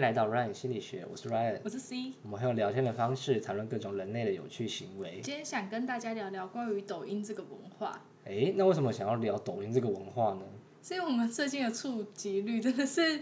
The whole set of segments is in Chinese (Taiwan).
今天來到 Ryan 心理學，我是 Ryan，我是 C，我們還有聊天的方式談論各種人類的有趣行為。今天想跟大家聊聊關於抖音這個文化。哎、欸，那為什麼想要聊抖音這個文化呢？因為我們最近的觸及率真的是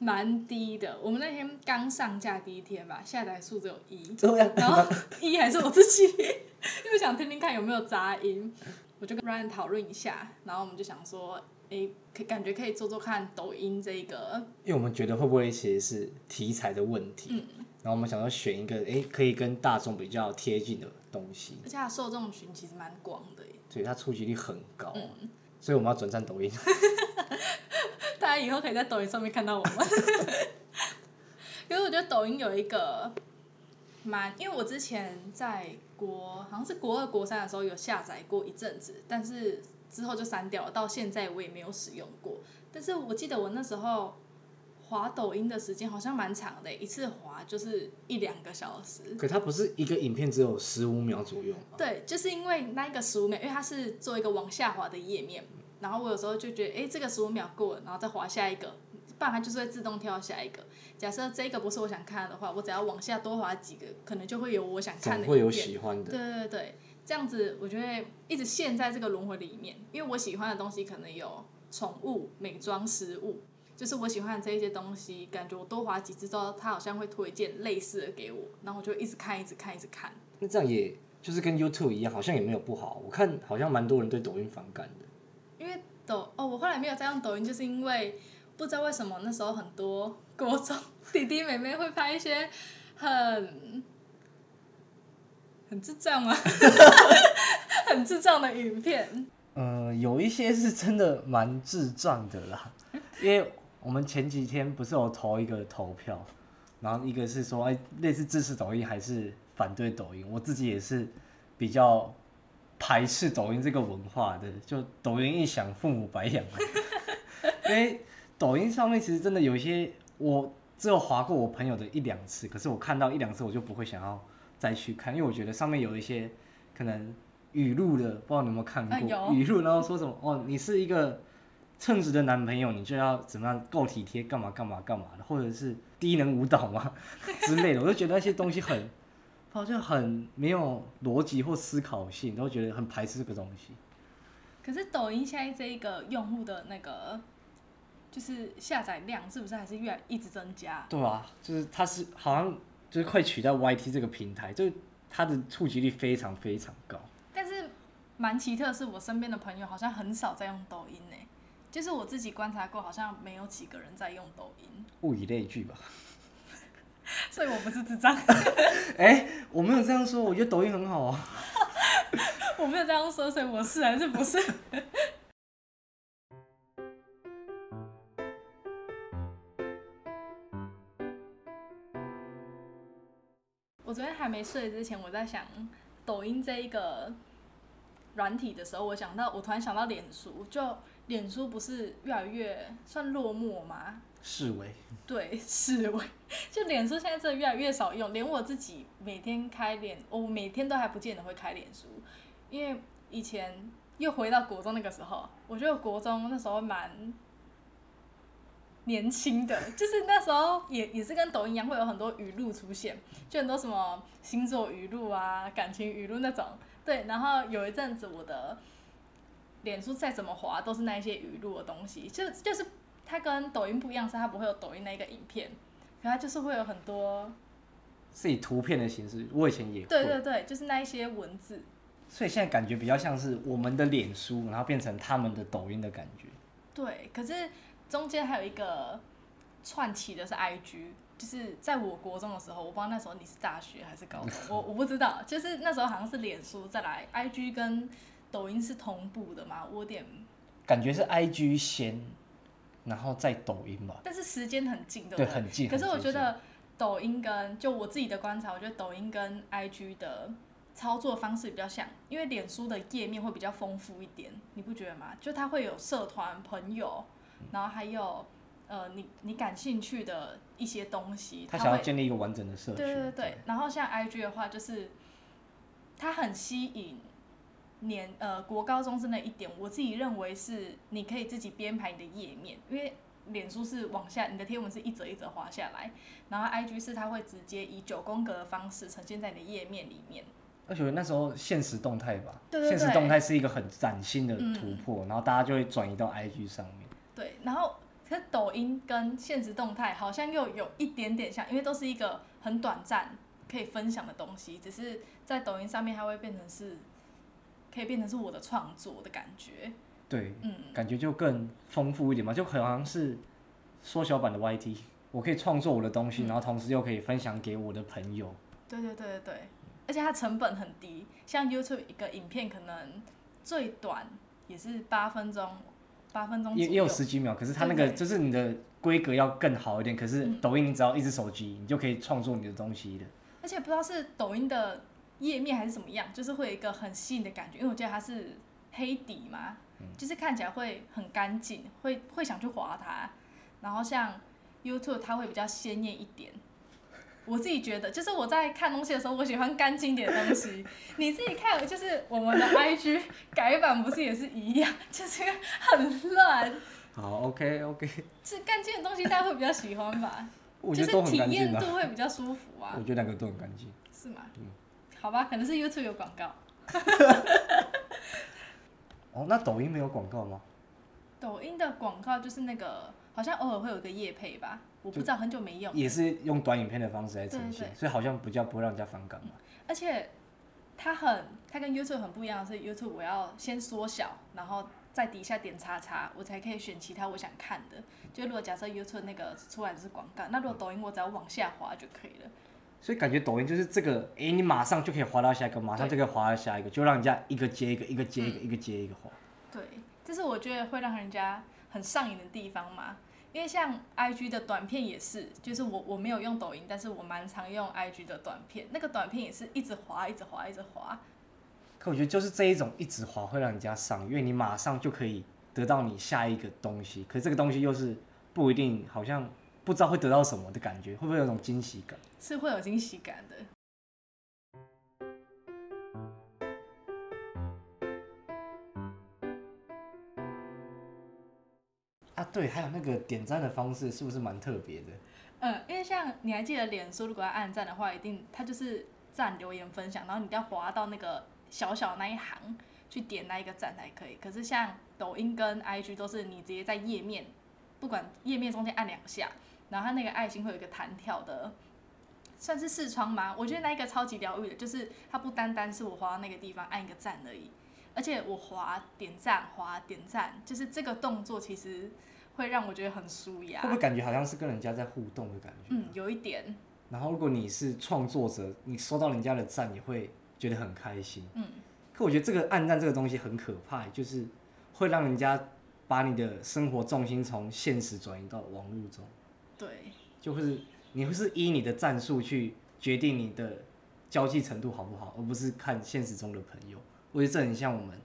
蠻低的。我們那天剛上架第一天吧，下載數只有一、哦，然後一還是我自己， 因為我想聽聽看有沒有雜音，我就跟 Ryan 討論一下，然後我們就想說。哎、欸，感覺可以做做看抖音這一個，因為我們覺得會不會其實是題材的問題，嗯、然後我們想要選一個哎、欸、可以跟大眾比較貼近的東西，而且它受眾群其實蠻廣的，對，它觸及率很高，嗯，所以我們要轉戰抖音， 大家以後可以在抖音上面看到我們， 可是我覺得抖音有一個蠻，蠻因為我之前在國好像是國二國三的時候有下載過一陣子，但是。之後就刪掉了，到現在我也沒有使用過。但是我記得我那時候滑抖音的時間好像蠻長的，一次滑就是一兩個小時。可它不是一個影片只有十五秒左右嗎？對，就是因為那個十五秒，因為它是做一個往下滑的頁面，然後我有時候就覺得，哎、欸，這個十五秒過了，然後再滑下一個，不然它就是會自動跳到下一個。假設這個不是我想看的話，我只要往下多滑幾個，可能就會有我想看的，會有喜歡的。對對對。這樣子，我覺得一直陷在這個輪迴裡面，因為我喜歡的東西可能有寵物、美妝、食物，就是我喜歡的這一些東西，感覺我多滑幾次之後，它好像會推薦類似的給我，然後我就一直看，一直看，一直看。那這樣也就是跟 YouTube 一樣，好像也沒有不好。我看好像蠻多人對抖音反感的。因為抖哦，我後來沒有再用抖音，就是因為不知道為什麼那時候很多國中弟弟妹妹會拍一些很。很智障嗎？ 很智障的影片。 嗯，有一些是真的蠻智障的啦。因為我們前幾天不是有投一個投票，然後一個是說，哎，類似支持抖音還是反對抖音。我自己也是比較排斥抖音這個文化的，就抖音一響，父母白養了。 因為抖音上面其實真的有一些，我只有劃過我朋友的一兩次，可是我看到一兩次，我就不會想要。再去看，因為我覺得上面有一些可能語錄的，不知道你有沒有看過、哎、語錄，然後說什麼哦，你是一個稱職的男朋友，你就要怎麼樣夠體貼，幹嘛幹嘛幹嘛的，或者是低能舞蹈嗎之類 的，我就覺得那些東西很好像 很沒有邏輯或思考性，都覺得很排斥這個東西。可是抖音現在這一個用戶的那個就是下載量是不是還是越來越一直增加？對啊，就是它是好像。就是快取代 YT 這個平台，就它的觸及率非常非常高。但是蠻奇特的是我身邊的朋友好像很少在用抖音呢，就是我自己觀察過，好像沒有幾個人在用抖音。物以類聚吧， 所以我不是智障。哎 欸，我沒有這樣說，我覺得抖音很好啊。 我沒有這樣說，所以我是還是不是？ 還沒睡之前，我在想抖音這一個軟體的時候，我想到，我突然想到臉書，就臉書不是越來越算落寞嗎？式微。對，式微。就臉書現在真的越來越少用，連我自己每天開臉，我每天都還不見得會開臉書，因為以前又回到國中那個時候，我覺得國中那時候蠻。年輕的就是那時候也也是跟抖音一樣，會有很多語錄出現，就很多什麼星座語錄啊、感情語錄那種。對，然後有一陣子我的臉書再怎麼滑都是那一些語錄的東西，就就是它跟抖音不一樣，是它不會有抖音那個影片，可它就是會有很多是以圖片的形式。我以前也會對對對，就是那一些文字。所以現在感覺比較像是我們的臉書，然後變成他們的抖音的感覺。對，可是。中間還有一個串起的是 IG，就是在我國中的時候，我不知道那時候你是大學還是高中， 我我不知道，就是那時候好像是臉書再來 IG 跟抖音是同步的嘛，我有點感覺是 IG 先，然後再抖音吧，但是時間很近，對不對？對，很近。可是我覺得抖音跟 就我自己的觀察，我覺得抖音跟 IG 的操作方式比較像，因為臉書的頁面會比較豐富一點，你不覺得嗎？就它會有社團、朋友。嗯、然後還有，呃，你你感興趣的一些東西，他想要建立一個完整的社區。對對對，對。然後像 IG 的話，就是它很吸引年呃國高中生的一點，我自己認為是你可以自己編排你的頁面，因為臉書是往下你的貼文是一則一則滑下來，然後 IG 是它會直接以九宮格的方式呈現在你的頁面裡面。而且那時候限時動態吧，對對對，限時動態是一個很嶄新的突破，嗯，然後大家就會轉移到 IG 上面。對，然後其實抖音跟限時動態好像又有一點點像，因為都是一個很短暫可以分享的東西，只是在抖音上面它會變成是，可以變成是我的創作的感覺。對，嗯，感覺就更豐富一點嘛，就很像是縮小版的 YT，我可以創作我的東西、嗯，然後同時又可以分享給我的朋友。對對對對，而且它成本很低，像 YouTube 一個影片可能最短也是八分鐘。八分鐘也也有十幾秒，可是它那個就是你的規格要更好一點。對對，可是抖音你只要一隻手機、嗯，你就可以創作你的東西的。而且不知道是抖音的頁面還是怎麼樣，就是會有一個很吸引的感覺，因為我覺得它是黑底嘛，嗯、就是看起來會很乾淨，會會想去划它。然後像 YouTube 它會比較鮮豔一點。我自己覺得，就是我在看東西的時候，我喜歡乾淨點的東西。 你自己看，就是我們的 I G 改版不是也是一樣，就是很亂。好，OK OK。是乾淨的東西，大家會比較喜歡吧？啊、就是體驗度會比較舒服啊。我覺得兩個都很乾淨。是嗎？嗯，好吧，可能是 YouTube 有廣告。 哦，那抖音沒有廣告嗎？抖音的廣告就是那個，好像偶爾會有個業配吧。我不知道，很久沒用，也是用短影片的方式來呈現，來呈現對對對，所以好像比較不會讓人家反感嘛。嗯、而且它很，它跟 YouTube 很不一樣，是 YouTube 我要先縮小，然後在底下點叉叉，我才可以選其他我想看的。就如果假設 YouTube 那個出來的是廣告，那如果抖音我只要往下滑就可以了。所以感覺抖音就是這個，哎、欸，你馬上就可以滑到下一個，馬上就可以滑到下一個，就讓人家一個接一個，一個接一個、嗯，一個接一個滑。對，這是我覺得會讓人家很上癮的地方嘛。因為像 IG 的短片也是，就是我我沒有用抖音，但是我蠻常用 IG 的短片。那個短片也是一直滑，一直滑，一直滑。可我覺得就是這一種一直滑會讓人家上，因為你馬上就可以得到你下一個東西。可是這個東西又是不一定，好像不知道會得到什麼的感覺，會不會有種驚喜感？是會有驚喜感的。對，還有那個點讚的方式是不是蠻特別的？嗯，因為像你還記得，臉書如果要按讚的話，一定它就是讚、留言、分享，然後你一定要滑到那個小小的那一行去點那一個讚才可以。可是像抖音跟 IG 都是你直接在頁面，不管頁面中間按兩下，然後它那個愛心會有一個彈跳的，算是視窗嗎？我覺得那一個超級療癒的，就是它不單單是我滑到那個地方按一個讚而已，而且我滑點讚、滑點讚，就是這個動作其實。會讓我覺得很舒壓，會不會感覺好像是跟人家在互動的感覺？嗯，有一點。然後如果你是創作者，你收到人家的贊，你會覺得很開心。嗯。可我覺得這個按讚這個東西很可怕，就是會讓人家把你的生活重心從現實轉移到網絡中。對。就會是你會是依你的讚數去決定你的交際程度好不好，而不是看現實中的朋友。我覺得這很像我們。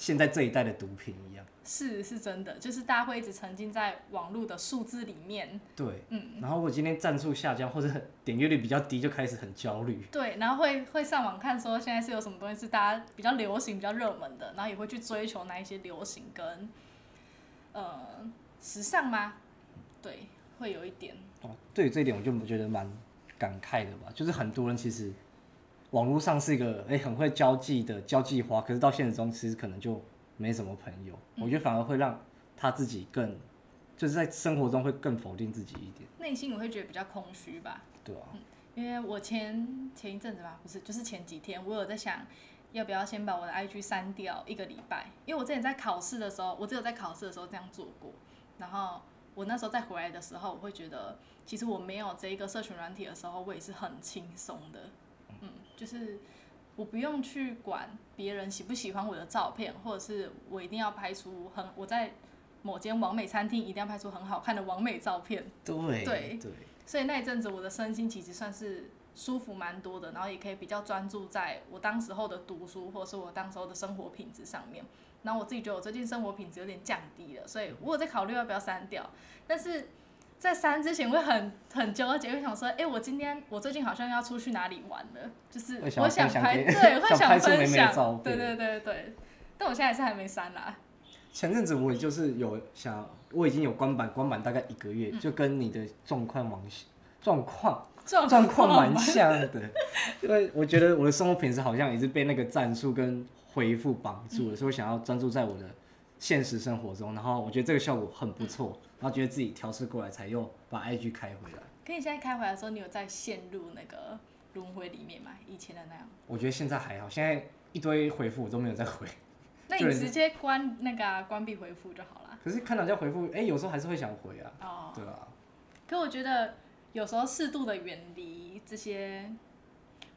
現在這一代的毒品一樣，是是真的，就是大家會一直沉浸在網絡的數字裡面。對，嗯。然後我今天讚數下降，或者點閱率比較低，就開始很焦慮。對，然後會會上網看說現在是有什麼東西是大家比較流行、比較熱門的，然後也會去追求那一些流行跟呃時尚嗎？對，會有一點。哦，對於這一點我就覺得蠻感慨的吧，就是很多人其實網絡上是一個哎、欸、很會交際的交際花，可是到現實中其實可能就沒什麼朋友。嗯、我覺得反而會讓他自己更就是在生活中會更否定自己一點，內心我會覺得比較空虛吧。對啊，嗯、因為我前前一陣子吧，不是就是前幾天，我有在想要不要先把我的 IG 刪掉一個禮拜，因為我之前在考試的時候，我只有在考試的時候這樣做過。然後我那時候再回來的時候，我會覺得其實我沒有這一個社群軟體的時候，我也是很輕鬆的。就是我不用去管別人喜不喜歡我的照片，或者是我一定要拍出很我在某間網美餐廳一定要拍出很好看的網美照片。對對，對。所以那一陣子我的身心其實算是舒服蠻多的，然後也可以比較專注在我當時候的讀書，或者是我當時候的生活品質上面。然後我自己覺得我最近生活品質有點降低了，所以我有在考慮要不要刪掉。但是。在刪之前會很很糾結，會想說：“哎、欸，我今天我最近好像要出去哪裡玩了，就是想我想拍對，會想分享，對對對對對。”但我現在是還沒刪啦。前陣子我就是有想，我已經有關板，關板大概一個月，嗯、就跟你的狀況蠻狀況狀況蠻像的， 因為我覺得我的生活品質好像也是被那個戰術跟回復綁住了、嗯，所以我想要專注在我的現實生活中，然後我覺得這個效果很不錯。嗯然後覺得自己調適過來才又把 IG 開回來。可你現在開回來的時候，你有在陷入那個輪迴裡面嗎？以前的那樣？我覺得現在還好，現在一堆回復我都沒有在回。那你直接關那個、啊、關閉回復就好了。可是看到人家回復，哎、欸，有時候還是會想回啊。哦。對啊。可我覺得有時候適度的遠離這些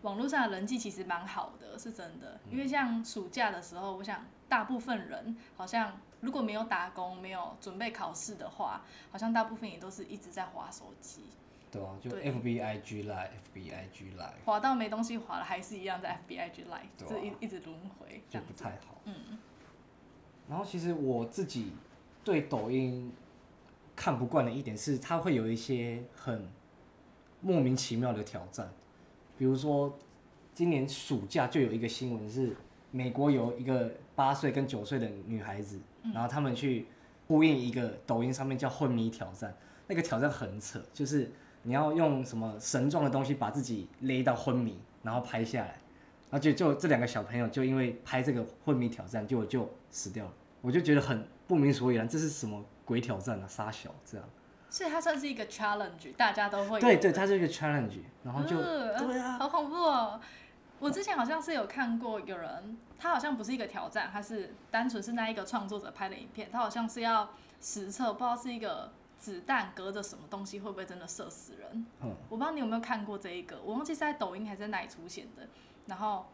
網絡上的人際其實蠻好的，是真的、嗯。因為像暑假的時候，我想大部分人好像。如果沒有打工，沒有準備考試的話，好像大部分也都是一直在滑手機。對啊，就 F B I G Live，F B I G Live。滑到沒東西滑了，還是一樣在 F B I G Live，對啊，就是一一直輪迴，就不太好。嗯。然後其實我自己對抖音看不慣的一點是，它會有一些很莫名其妙的挑戰，比如說今年暑假就有一個新聞是，美國有一個八歲跟九歲的女孩子。然後他們去呼應一個抖音上面叫昏迷挑戰，嗯，那個挑戰很扯，就是你要用什麼繩狀的東西把自己勒到昏迷，然後拍下來。而且就，就這兩個小朋友，就因為拍這個昏迷挑戰，就就死掉了。我就覺得很不明所以然，這是什麼鬼挑戰啊？殺小這樣？所以它算是一個 challenge，大家都會。對對，它是一個 challenge，然後就、嗯、對啊，好恐怖哦。我之前好像是有看過有人，他好像不是一個挑戰，他是單純是那一個創作者拍的影片，他好像是要實測，不知道是一個子彈隔着什麼東西會不會真的射死人。嗯，我不知道你有沒有看過這一個，我忘記是在抖音還是在哪裡出現的。然後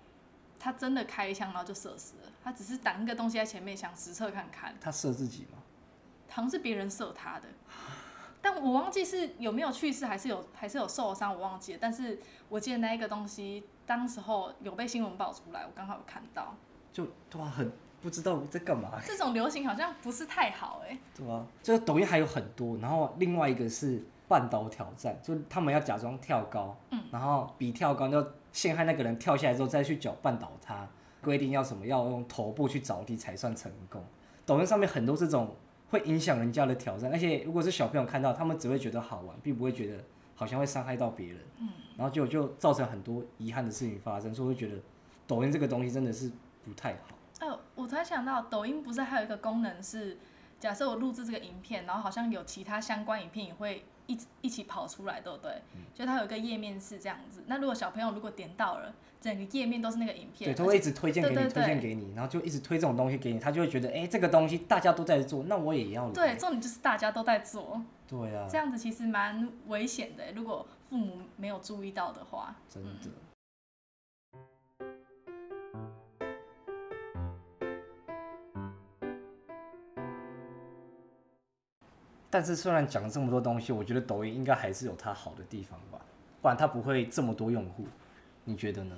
他真的開一槍，然後就射死了。他只是擋那個東西在前面，想實測看看。他射自己嗎？好像是別人射他的，但我忘記是有沒有去世，還是有還是有受傷，我忘記了。但是我記得那一個東西。當時候有被新聞爆出來，我剛好有看到，就對吧？很不知道在幹嘛，欸。這種流行好像不是太好哎、欸。對、啊、就抖音還有很多，然後另外一個是絆倒挑戰，就他們要假裝跳高，嗯，然後比跳高，要陷害那個人跳下來之後再去腳絆倒他，規定要什麼要用頭部去着地才算成功。抖音上面很多這種會影響人家的挑戰，而且如果是小朋友看到，他們只會覺得好玩，並不會覺得。好像會傷害到別人，嗯，然後就就造成很多遺憾的事情發生，所以我會覺得抖音這個東西真的是不太好。哎、哦，我突然想到，抖音不是還有一個功能是，假設我錄制這個影片，然後好像有其他相關影片也會。一一起跑出來，對，對不對？就它有一個頁面是這樣子，那如果小朋友如果點到了，整個頁面都是那個影片，對，他會一直推薦給你，對對對對，推薦給你，然後就一直推這種東西給你，他就會覺得，哎、欸，這個東西大家都在做，那我也要。對，重點就是大家都在做。對啊。這樣子其實蠻危險的，如果父母沒有注意到的話。真的。嗯但是雖然講了這麼多東西，我覺得抖音應該還是有它好的地方吧，不然它不會這麼多用戶。你覺得呢？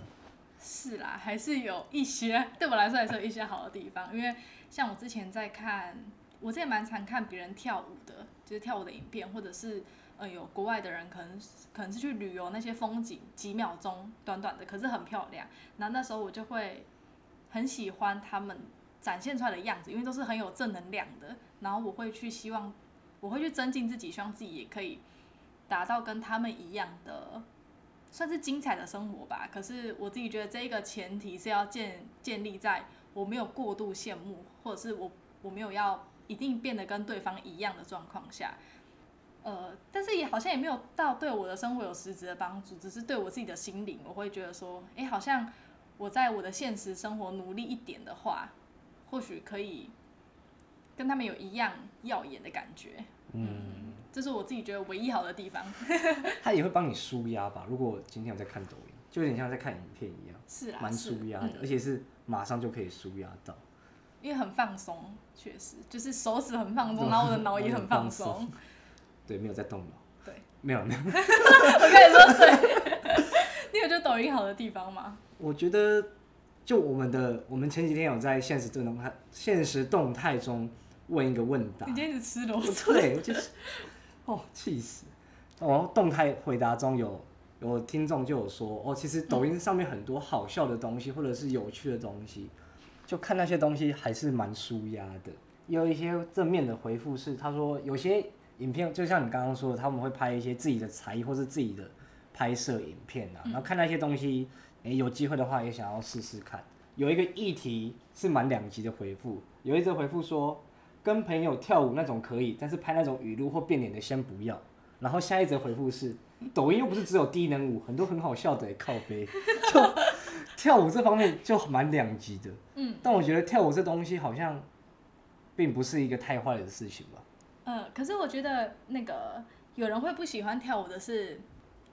是啦，還是有一些對我來說還是有一些好的地方。 因為像我之前在看，我之前蠻常看別人跳舞的，就是跳舞的影片，或者是呃有國外的人可能可能是去旅遊那些風景，幾秒鐘短短的，可是很漂亮。然後那時候我就會很喜歡他們展現出來的樣子，因為都是很有正能量的。然後我會去希望。我會去增進自己，希望自己也可以達到跟他們一樣的，算是精彩的生活吧。可是我自己覺得，這個前提是要建建立在我沒有過度羨慕，或者是我我沒有要一定變得跟對方一樣的狀況下。呃，但是也好像也沒有到對我的生活有實質的幫助，只是對我自己的心靈，我會覺得說，哎，好像我在我的現實生活努力一點的話，或許可以。跟他們有一樣耀眼的感覺，嗯，這是我自己覺得唯一好的地方。它 也會幫你舒壓吧？如果今天我在看抖音，就有點像在看影片一樣，是啊，蠻舒壓的、嗯，而且是馬上就可以舒壓到，因為很放鬆，確實就是手指很放鬆，然後我的腦也很放鬆、哦，對，沒有在動腦，對，沒有沒有。 我跟你說， 你有覺得抖音好的地方嗎？我覺得就我們的，我們前幾天有在限時動態、限時動態中。問一個問答。你今天是吃螺絲？對，就是 哦，氣死！哦，動態回答中有有聽眾就有說哦，其實抖音上面很多好笑的東西或者是有趣的東西，嗯、就看那些東西還是蠻舒壓的。有一些正面的回覆是他說有些影片就像你剛剛說的，他們會拍一些自己的才藝或是自己的拍攝影片啊、嗯，然後看那些東西，欸、有機會的話也想要試試看。有一個議題是蠻兩極的回覆，有一次回覆說。跟朋友跳舞那種可以，但是拍那種語錄或變臉的先不要。然後下一則回覆是，抖音又不是只有低能舞，很多很好笑的靠背。就 跳舞這方面就蠻兩極的。嗯。但我覺得跳舞這東西好像，並不是一個太壞的事情吧。呃、嗯，可是我覺得那個有人會不喜歡跳舞的是，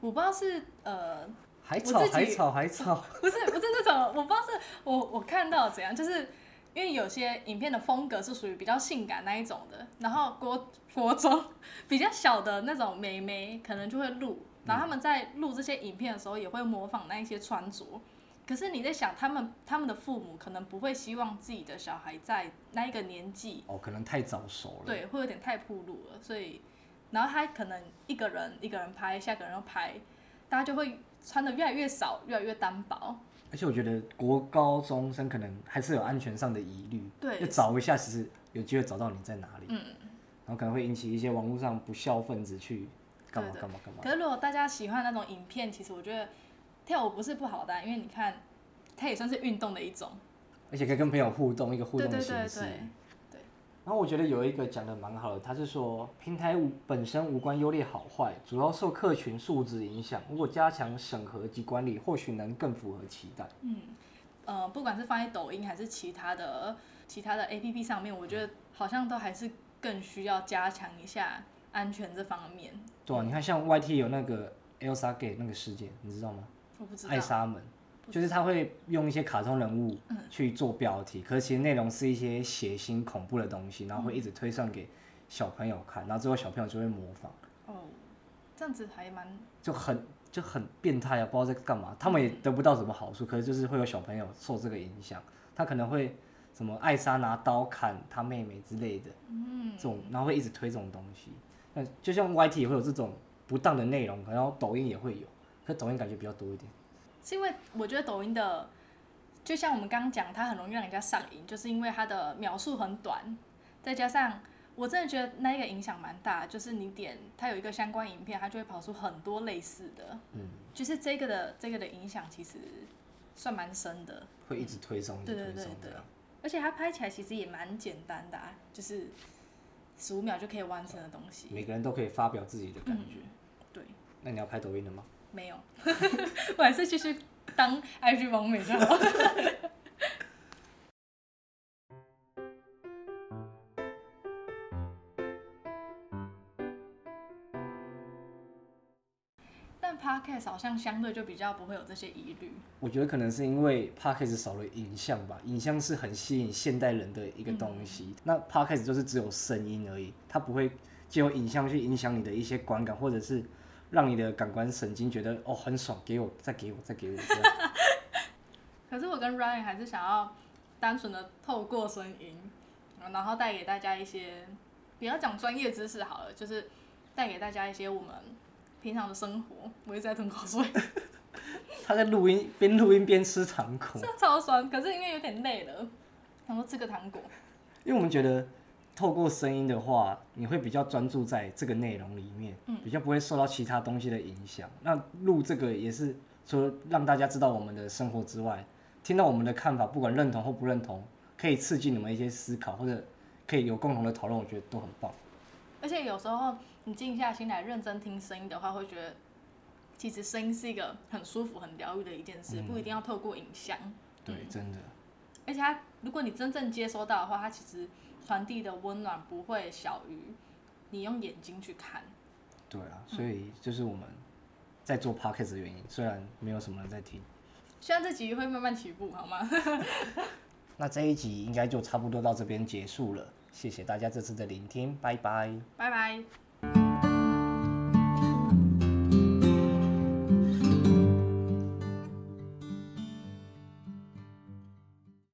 我不知道是呃海草海草海草，不是不是那種，我， 我不知道是我我看到怎樣就是。因為有些影片的風格是屬於比較性感那一種的，然後國國中比較小的那種妹妹可能就會錄、嗯、然後他們在錄這些影片的時候也會模仿那一些穿着，可是你在想他們他們的父母可能不會希望自己的小孩在那一個年紀哦，可能太早熟了，對，會有點太暴露了，所以然後他可能一個人一個人拍，下個人又拍，大家就會穿得越來越少，越來越單薄。而且我覺得國高中生可能還是有安全上的疑慮，對，要找一下，其實有機會找到你在哪裡，嗯，然後可能會引起一些網絡上不肖分子去幹嘛幹嘛幹嘛，對對。可是如果大家喜歡那種影片，其實我覺得跳舞不是不好的，因為你看，它也算是運動的一種，而且可以跟朋友互動，一個互動的形式。對對對對。然後我覺得有一個講得蠻好的，他是說，平台無本身無關優劣好壞，主要受客群素質影響。如果加強審核及管理，或許能更符合期待。嗯，呃，不管是放在抖音還是其他的其他的 APP 上面，我覺得好像都還是更需要加強一下安全這方面。對，你看像 YT 有那個 Elsa Gate 那個事件，你知道嗎？我不知道艾莎門。就是他會用一些卡通人物去做標題，嗯。可是其實內容是一些血腥恐怖的東西，然後會一直推算給小朋友看，然後最後小朋友就會模仿。哦，這樣子還蠻就很就很變態啊，不知道在幹嘛。嗯。他們也得不到什麼好處，可是就是會有小朋友受這個影響，他可能會什麼艾莎拿刀砍他妹妹之類的，嗯，這種然後會一直推這種東西。那就像 YT 也會有這種不當的內容，可能然後抖音也會有，可是抖音感覺比較多一點。是因為我覺得抖音的，就像我們剛剛講，它很容易讓人家上癮，就是因為它的秒數很短，再加上我真的覺得那一個影響蠻大，就是你點它有一個相關影片，它就會跑出很多類似的。嗯。就是這個的這個的影響其實算蠻深的。會一直推送的、嗯。對對對對。而且它拍起來其實也蠻簡單的、啊，就是十五秒就可以完成的東西。每個人都可以發表自己的感覺。嗯那你要拍抖音了嗎？沒有， 我還是繼續當 IG 網美就好。 但 podcast 好像相對就比較不會有這些疑慮。我覺得可能是因為 podcast 少了影像吧，影像是很吸引現代人的一個東西。嗯、那 podcast 就是只有聲音而已，它不會借由影像去影響你的一些觀感，或者是。讓你的感官神經覺得哦，很爽，給我再給我再給我這樣。 可是我跟 Ryan 還是想要單純的透過聲音，然後帶給大家一些，不要講專業知識好了，就是帶給大家一些我們平常的生活。我一直在吞口水。 他在錄音，邊錄音邊吃糖果。這超酸，可是因為有點累了，他說吃個糖果。因為我們覺得。透過聲音的話，你會比較專注在這個內容裡面，嗯，比較不會受到其他東西的影響。那錄這個也是除了讓大家知道我們的生活之外，聽到我們的看法，不管認同或不認同，可以刺激你們一些思考，或者可以有共同的討論，我覺得都很棒。而且有時候你靜下心來認真聽聲音的話，會覺得其實聲音是一個很舒服、很療癒的一件事，嗯，不一定要透過影像。嗯，對，真的。而且，它，如果你真正接收到的話，它其實。傳遞的溫暖不會小於你用眼睛去看。對啊，所以就是我們在做 podcast 的原因，嗯，雖然沒有什麼人在聽，希望這集會慢慢起步，好嗎？ 那這一集應該就差不多到這邊結束了，謝謝大家這次的聆聽，拜拜，拜拜。